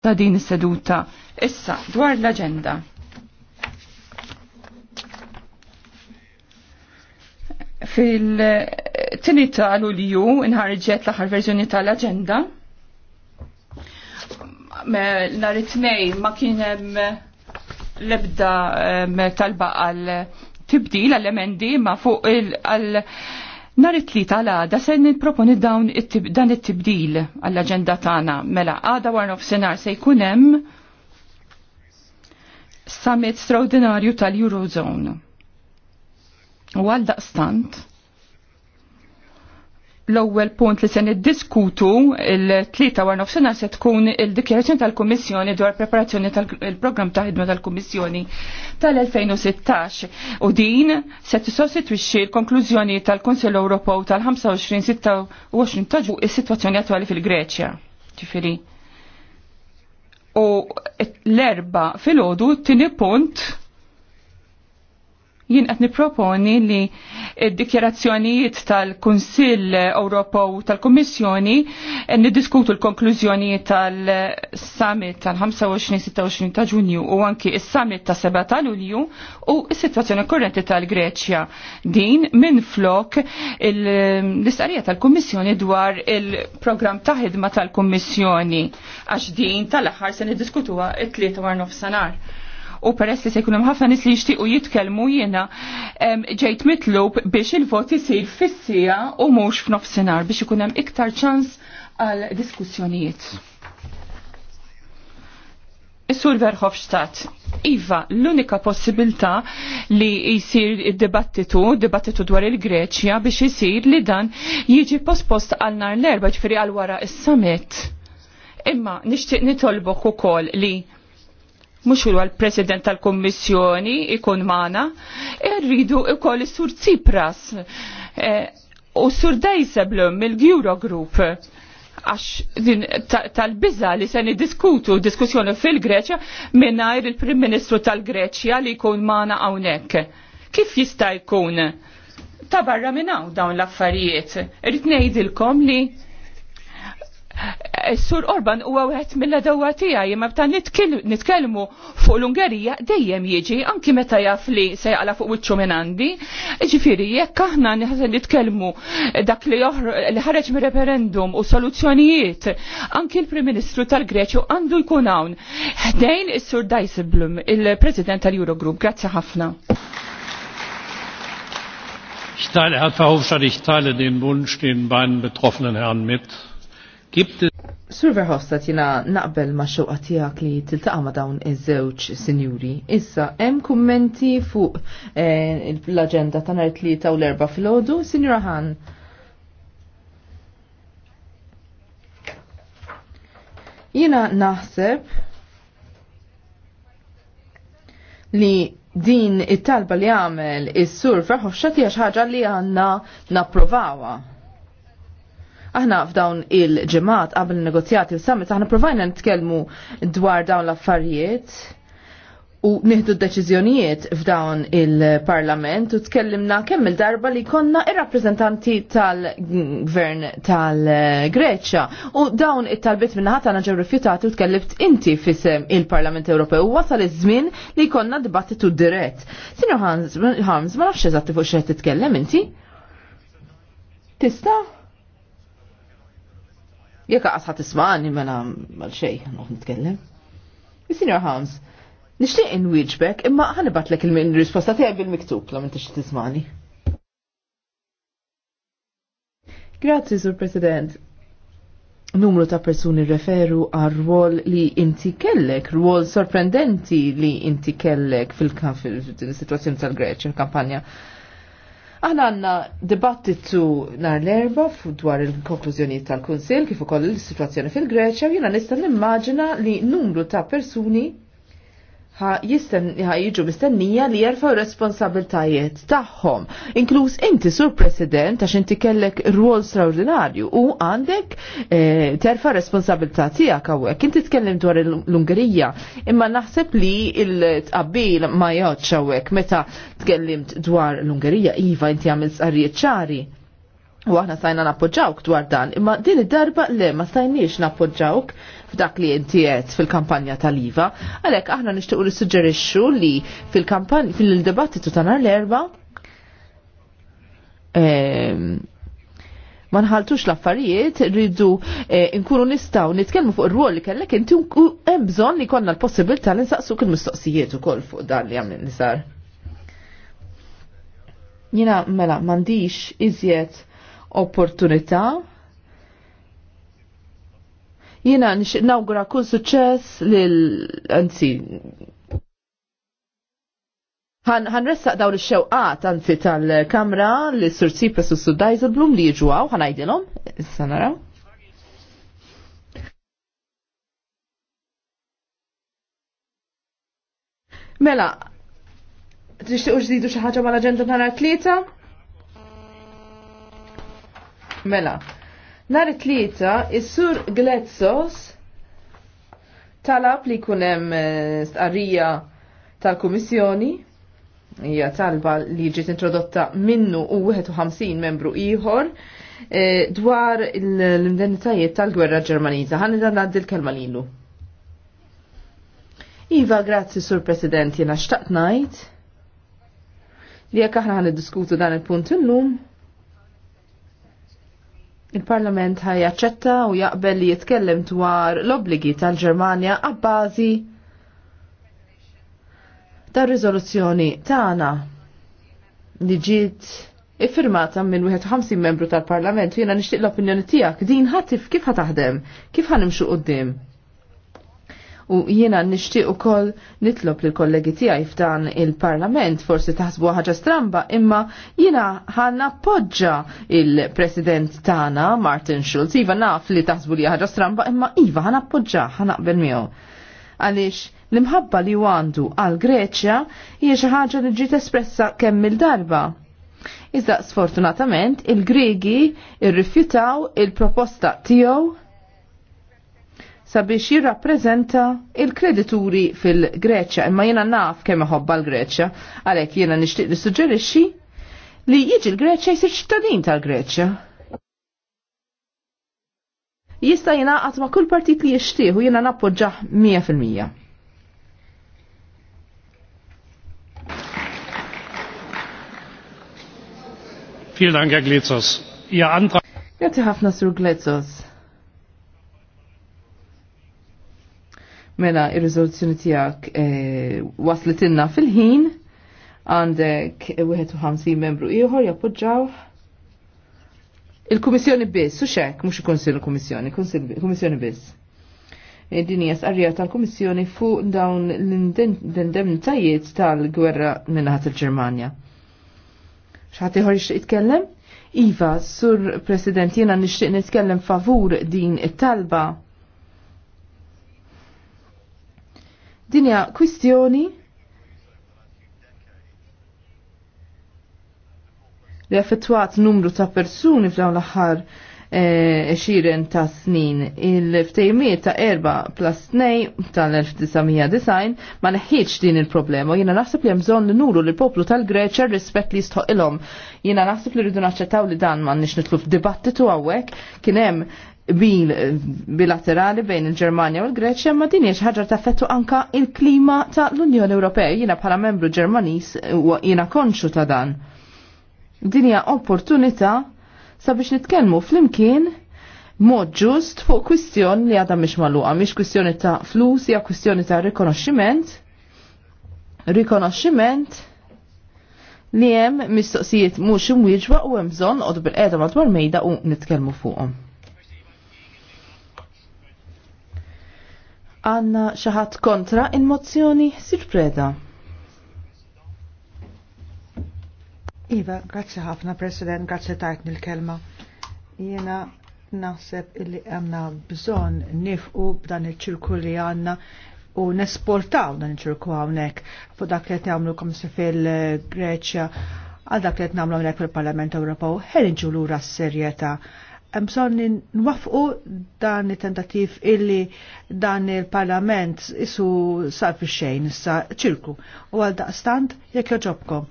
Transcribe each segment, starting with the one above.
ta' din is-seduta. Issa dwar l-aġenda. Fil-tini ta' Lulju inħarġet l-aħħar verżjoni tal-aġenda. Nhar it-tnej ma kien hemm l-ebda tal-baqal tibdil għall-emendi ma fuq il- Nar it-tlita għada se nipproponi dawn dan it-tibdil għall-agenda tagħna mela għada war nofsinhar se jkun hemm summit straordinarju tal-Eurozone. U għal daqstant, l-ewwel punt li se niddiskutu il-tlieta war nofsinhar se tkun il-dikjarazzjoni tal-Kummissjoni dwar preparazzjoni tal-programm ta' ħidma tal-Kummissjoni tal-2016 u din se tissostitwixxi l-konklużjoni tal-Kunsell Ewropew tal-25-26 ta' ġu is-sitwazzjoni attwali fil-Greċja. Ġifieri. U l-erba' filgħodu tieni punt jien qed niproponi li d-dikjerazzjonijiet tal-Kunsill Ewropew tal-Kummissjoni eh, niddiskutu l-konklużjonijiet tal-summit tal-25-26 ta' Ġunju u anki is-summit ta' 7 ta' Lulju u s-sitwazzjoni korrenti tal-Greċja. Din minn flok l-istqarrija tal-Kummissjoni dwar il-programm ta' ħidma tal-Kummissjoni għax din tal-aħħar se niddiskutuha it-tlieta war nofsinhar u peress li se jkun hemm ħafna nis li jixtiequ jitkellmu jiena ġejt mitlub biex il-vot isir fis u mhux f'nofsinhar biex ikun hemm iktar ċans għal diskussjonijiet. Is-Sur Verhofstadt, Iva, l-unika possibilità li jisir id-dibattitu, dibattitu dwar il-Greċja, biex jisir li dan jiġi pospost għal nar l-erba ġifiri għal wara is-summit. Imma nixtieq nitolbok ukoll li mux huwa l-President tal-Kommissjoni ikun mana, irridu ikoll sur Tsipras eh, u sur Dejseblum mill-Euro Group għax din tal-biza li se diskutu diskussjoni fil-Greċja minnajr il-Prim Ministru tal-Greċja li jkun mana hawnhekk. Kif jista' jkun? Ta' barra minnaw dawn l-affarijiet. Irrid ngħidilkom li Sur Orban huwa wieħed mill-adawa tiegħi jimma bta' nitkellmu fuq l-Ungerija dejjem jiġi anki meta jaf li se jgħala fuq wiċċu minn għandi. Ġifieri jekk aħna nitkellmu dak li li ħareġ mir referendum u soluzzjonijiet anki l-Prim Ministru tal-Greċju għandu jkun hawn. Ħdejn is-Sur Dijsselblum, il-President tal-Eurogroup. Grazzi ħafna. Ich teile, Herr Verhofstadt, ich teile den Wunsch den beiden betroffenen Herren mit Gibt Surver Hostat jina naqbel ma xewqa tiegħek li tiltaqa' ma dawn iż-żewġ sinjuri. Issa hemm kummenti fuq eh, l-aġenda ta' nhar li u l-erba' filgħodu, Sinjura ħan. Jina naħseb li din it-talba li għamel is-sur Verhofstadt hija ħaġa li għandna naprovawa. Aħna f'dawn il-ġemat qabel negozjati u summit aħna provajna nitkellmu dwar dawn l-affarijiet u nieħdu d-deċiżjonijiet f'dawn il-Parlament u tkellimna kemm il-darba li konna ir-rappreżentanti tal-Gvern tal-Greċja u dawn it-talbiet minnaħat għana ġew rifjutati u tkellimt inti fisem il-Parlament Ewropew u wasal iż-żmien li konna dibattitu dirett. Sinu Hans, ma nafx eżatti fuq x'qed titkellem inti? Tista' Jekk għas ħat ismani mela mal-xej, nuħ nitkellem. Is-Sinjor nishtiq nixtieq Wijġbek, imma ħanibatlek il-risposta tiegħi bil-miktub la minn tixtieq tismani. Grazzi, Sur President numru ta' persuni referu għal rwol li inti kellek, rwol sorprendenti li inti kellek fil-situazzjoni fil tal-Greċ, il-kampanja Aħna għanna dibattitu nar l-erba dwar il-konklużjoni tal-Kunsil kif ukoll il-situazzjoni fil-Greċja u jiena nista' nimmaġina li numru ta' persuni Ħa, jiġu mistennija li jarfaw responsabiltajiet tagħhom. Inkluż inti sur President għax inti kellek rwol straordinarju u għandek e, terfa' responsabilità tiegħek hawnhekk. Inti tkellim dwar l-Ungerija, imma naħseb li l-tqabbil ma jgħodx hawnhekk meta tkellimt dwar l-Ungerija iva inti għamilt sqarrijiet ċari U aħna sajna nappoġġawk dwar dan, imma din id-darba le ma sajniex nappoġġawk f'dak li inti qed fil-kampanja tal-IVA, għalhekk aħna nixtiequ nissuġġerixxu li fil-kampanja fil-dibattitu ta' nhar l-erba' ehm, ma nħaltux l-affarijiet, rridu eh, nkunu nistaw nitkellmu fuq ir-rwol li kellek inti hemm bżonn li konna l-possibilità li nsaqsuk il-mistoqsijiet ukoll fuq dan li għamlin nisar. Jina mela m'għandix iżjed opportunità. Jina nawgura kull suċess lil anzi Għan ressaq dawn ix-xewqat anzi tal-kamra li sur Tsipras u sur Dijsselbloem li jiġwaw għan ngħidilhom s naraw. Mela, tixtiqux zidu xi ħaġa mal-aġenda nhar tlieta? mela. Nar it-tlieta, is-sur Gletzos talab li kunem eh, stqarrija tal-Kummissjoni hija talba li ġiet introdotta minnu u 51 membru ieħor eh, dwar l-indennitajiet tal-gwerra Ġermaniża. Ħan dan għaddi l-kelma lilu. Iva, grazzi sur President, jena xtaqt najt li jekk aħna ħan diskutu dan il-punt illum, Il-Parlament ħajaċċetta u jaqbel li jitkellem dwar l-obligi tal-Ġermanja għabbażi tar-riżoluzzjoni tagħna li ġiet iffirmata minn 51 membru tal-Parlament u jiena nixtieq l-opinjoni tiegħek din ħatif kif ħataħdem, kif ħanimxu qudiem u jiena u kol nitlob lil kollegi tiegħi f'dan il-Parlament forsi taħsbu ħaġa stramba imma jiena ħanna podġa il-President tagħna Martin Schulz iva naf li taħsbu li ħaġa stramba imma iva podġa, ħanna ħanaqbel miegħu. Għaliex l-imħabba li għandu għal Greċja hija xi ħaġa li ġiet espressa kemm il-darba Iżda sfortunatament il gregi irrifjutaw il-proposta tiegħu sabiex jirrappreżenta il-kredituri fil-Greċja, imma jiena naf kemm iħobba l-Greċja, għalhekk jiena nixtieq nissuġġerixxi li jiġi l-Greċja jsir ċittadin tal-Greċja. Jista' jingħaqad ma' kull partit li jixtieq u jiena nappoġġah 100%. Vielen Dank, Herr Glezos. Ihr Antrag. Grazie ħafna, Sur Glezos Mela, ir-rizoluzzjoni tijak eh, waslitinna fil-ħin, għandek 51 eh, membru ieħor jappoġġaw. Il-Kummissjoni biss, u xek, mux il-Konsil Kummissjoni, Komissjoni biss. Eh, din hija sqarrija tal-Kummissjoni fuq dawn l-indemnitajiet tal-gwerra minnaħat il-Ġermanja. Xaħat iħor jixtieq jitkellem? Iva, sur President, jiena nixtieq nitkellem favur din it-talba Dinja kwistjoni li affettwat numru ta' persuni fl l-aħħar eh, xiren ta' snin. Il-ftejmiet ta' 4 plus 2 tal-1990 ma neħħieċ din il-problema. jina naħseb li jemżon li nuru li poplu tal-Greċa rispett li jistħoq ilhom. jina naħseb li rridu naċċettaw li dan ma nix nitlu f'dibattitu għawek kienem bil bilaterali bejn il-Ġermanja u l-Greċja, ma din hija ħaġa taffettu anka il-klima ta' l-Unjoni Ewropea. Jiena bħala membru Ġermanis u jiena konxu ta' dan. Din hija opportunità sabiex nitkellmu flimkien mod ġust fuq kwistjon li għadha mhix magħluqa, mhix kwistjoni ta' flus, hija kwistjoni ta' rikonoxximent. Rikonoxximent li hemm mistoqsijiet mhux imwieġba u hemm bżonn qod bil-qiegħda madwar mejda u nitkellmu fuqhom. għanna xaħat kontra in-mozzjoni sirpreda. Iva, grazzi ħafna, President, grazzi tajt nil-kelma. Jena naħseb illi għanna bżon nifqu b'dan il-ċirku li għanna u nesportaw dan il-ċirku għawnek fuq dak li għamlu kom se fil-Greċja għal dak li għamlu namlu fil-Parlament Ewropew, ħerinġu l-ura s-serjeta bżonni nwafqu dan il-tentativ illi dan il-parlament isu sar fi xejn issa ċirku u għal daqstant jekk joġobkom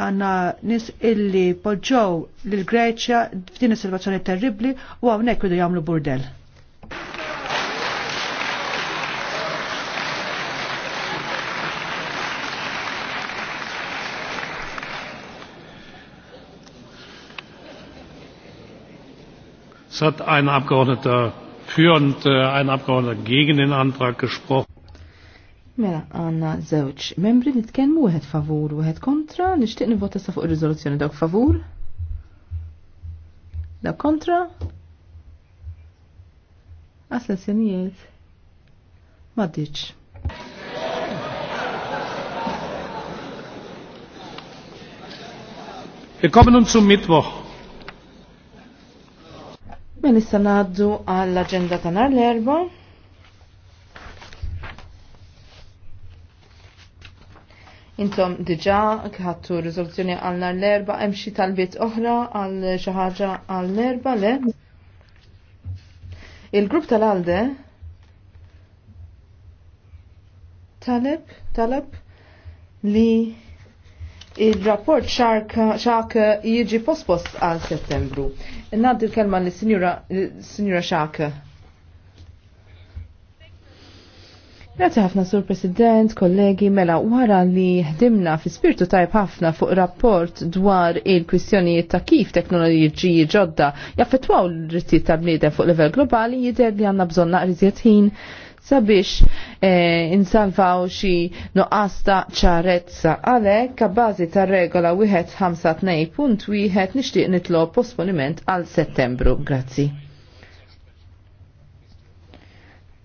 għanna nis illi poġġow l-Greċja f'din is-situazzjoni terribli u għawnek bidu jagħmlu burdel. Es hat ein Abgeordneter für und äh, ein Abgeordneter gegen den Antrag gesprochen. Mela, għanna zewċ membri li tkellmu wieħed favur, għed kontra, nishtiq nivota sa fuq il riżoluzzjoni dawk favur. Dawk kontra. Assenzjonijiet. Ma Maddiċ. Wir kommen nun zum Mittwoch. Men mela, issa ngħaddu għall agenda ta' nhar l-erba. Intom diġà kħattu riżoluzzjoni għal nhar l-erba hemm xi talbiet oħra għal xi ħaġa għal l-erba le. Il-grupp tal-Alde taleb talib, li il-rapport xak jieġi pospost għal settembru. Nad il kelma li sinjura xak. Grazie ħafna sur President, kollegi, mela wara li ħdimna fi spirtu tajb ħafna fuq rapport dwar il-kwistjonijiet ta' kif teknoloġiji ġodda jaffettwaw l-rittijiet tal-bniedem fuq livell globali jidher li għandna bżonn naqriżiet ħin sabiex eh, insalvaw xi nuqqas ta' ċarezza. Għalhekk kabbażi tar-regola wieħed 1.52.1 nixtieq nitlob posponiment għal Settembru. Grazzi.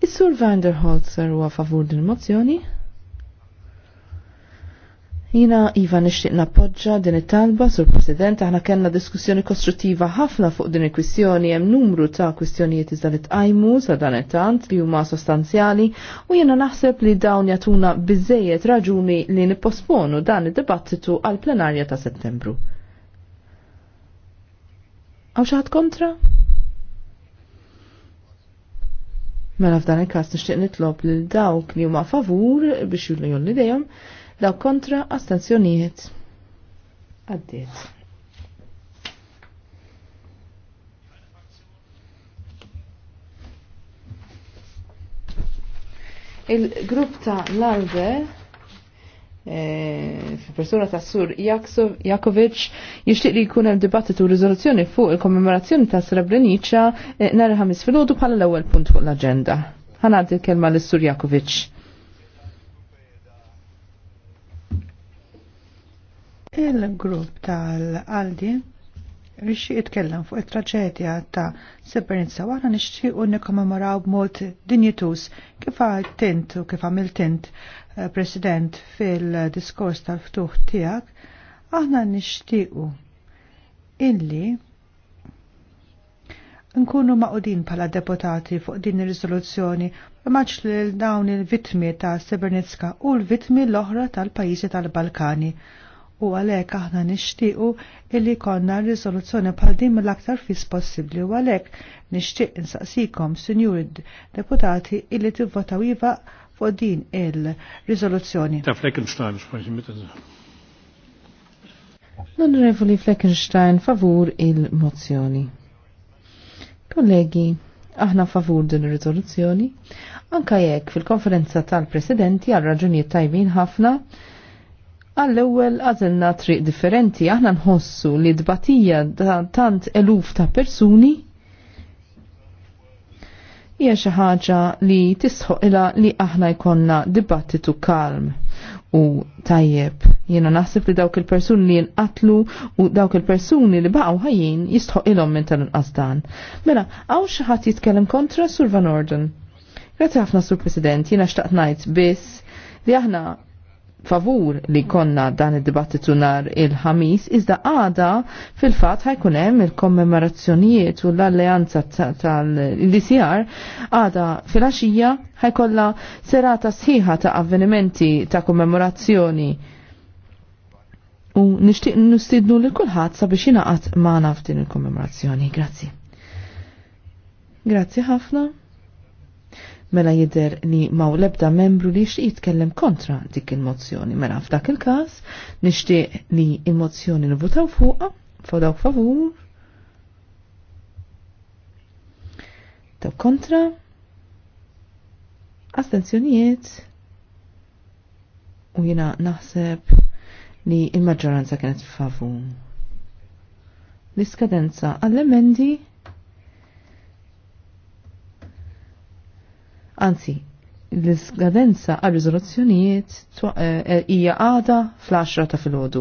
Is-Sur Vanderholzer huwa favur din mozzjoni? Jina Iva nixtieq nappoġġa din it-talba sur President aħna kellna diskussjoni kostruttiva ħafna fuq din il-kwistjoni hemm numru ta' kwistjonijiet iżda li tqajmu sa dan it-tant li huma sostanzjali u jiena naħseb li dawn jagħtuna biżejjed raġuni li nipposponu dan id-dibattitu għal plenarja ta' Settembru. Għaw xaħat kontra? Mela f'dan il-każ nixtieq nitlob lil dawk li huma favur biex jullu jolli dejjem daw kontra astazzjonijiet. Għaddiet. Il-grupp ta' l-Alde E, eh, fi persona ta' Sur Jakovic jixtieq li jkun hemm dibattitu riżoluzzjoni fuq il-kommemorazzjoni ta' Srebrenica eh, nara ħamis fil filgħodu bħala l-ewwel punt fuq l-aġenda. Ħanaddi l-kelma l sur Jakovic. Il-grupp tal-Aldi rixi jitkellem fuq it-traġedja ta' Srebrenica wara nixtieq u nikkommemoraw b'mod dinjitus kif tint u kif għamil tint eh, President fil-diskors tal-ftuħ tiegħek aħna nixtiequ illi nkunu maqudin pala deputati fuq din ir-riżoluzzjoni maċ lil dawn il-vitmi ta' Sibernitska u l-vitmi l-oħra tal-pajjiżi tal-Balkani u għalek aħna nishtiqu illi konna rizoluzzjoni bħal din mill-aktar fis possibli u għalek nishtiq insaqsikom, sinjuri deputati, illi tivvotaw iva fuq din il rizoluzzjoni Ta' Fleckenstein, L-Onorevoli Fleckenstein favur il-mozzjoni. Kollegi, aħna favur din ir-riżoluzzjoni, anka jekk fil-konferenza tal-presidenti għal raġunijiet tajbin ħafna Għall-ewwel għażilna triq differenti, aħna nħossu li dbatija ta' tant eluf ta' persuni hija xi ħaġa li tisħoq ilha li aħna jkollna dibattitu kalm u tajjeb. Jiena naħseb li dawk il-persuni li jinqatlu u dawk il-persuni li baqgħu ħajjin jistħoq ilhom minn tal-inqas dan. Mela, hawn xi ħadd jitkellem kontra Sur Van Orden. Grazzi ħafna Sur President, jiena xtaqt ngħid biss li aħna favur li konna dan id-dibattitu nar il-ħamis, iżda għada fil-fat ħajkun hemm il-kommemorazzjonijiet u l-alleanza tal-ICR għada fil-axija ħajkolla serata sħiħa ta' avvenimenti ta' kommemorazzjoni u nishtiq nustidnu li kulħadd sabiex għat ma' f'din il-kommemorazzjoni. Grazzi. Grazzi ħafna mela jider li maw lebda membru li xtiq jitkellem kontra dik il-mozzjoni. Mela f'dak il-każ nixtieq li il-mozzjoni nivutaw fuqha fodaw favur. Taw kontra. Astenzjonijiet. U jina naħseb li il-maġġoranza kienet favur. L-iskadenza għall-emendi Anzi, l-iskadenza għal riżoluzzjonijiet eh, eh, hija għada fl-10 ta' filgħodu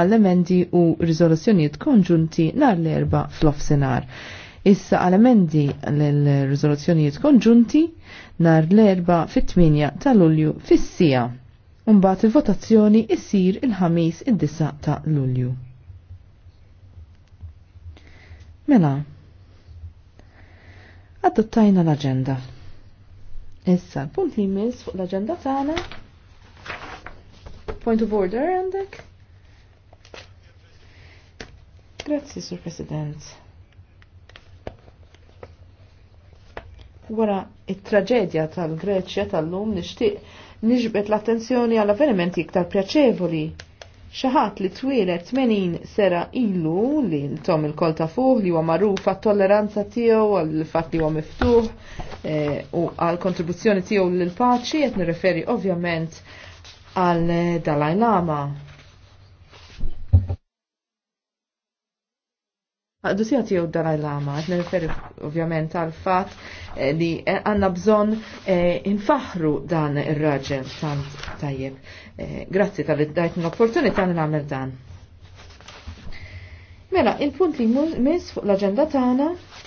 għall-emendi u Rizoluzzjonijiet konġunti nhar l-erba fl offsenar Issa għal-emendi l-riżoluzzjonijiet konġunti nhar l-erba fit-8 ta' Lulju fis-sija. Mbagħad il-votazzjoni issir il-ħamis id-9 ta' Lulju. Mela, adottajna l-agenda. Issa, punt li jmiss fuq l-agenda tagħna. Point of order għandek. Grazzi, Sur President. Wara it-traġedja tal-Greċja tal-lum nixtieq nixbet l-attenzjoni għal avvenimenti iktar pjaċevoli xaħat li twilet 80 sera ilu li l-tom il-kol ta' fuq li huwa magħruf għat-tolleranza tiegħu għall-fatt li huwa miftuħ e, u għall-kontribuzzjoni tiegħu lill-paċi qed nirreferi ovvjament għal Dalai Lama Għaddu si għati jow Dalai Lama, għetna referi ovvjament għal fat eh, li eh, għanna bżon eh, infaħru dan il-raġel tant tajjeb. Grazzi tal iddajt l-opportunità li għamil dan. Mela, il-punt li mis fuq l-agenda tagħna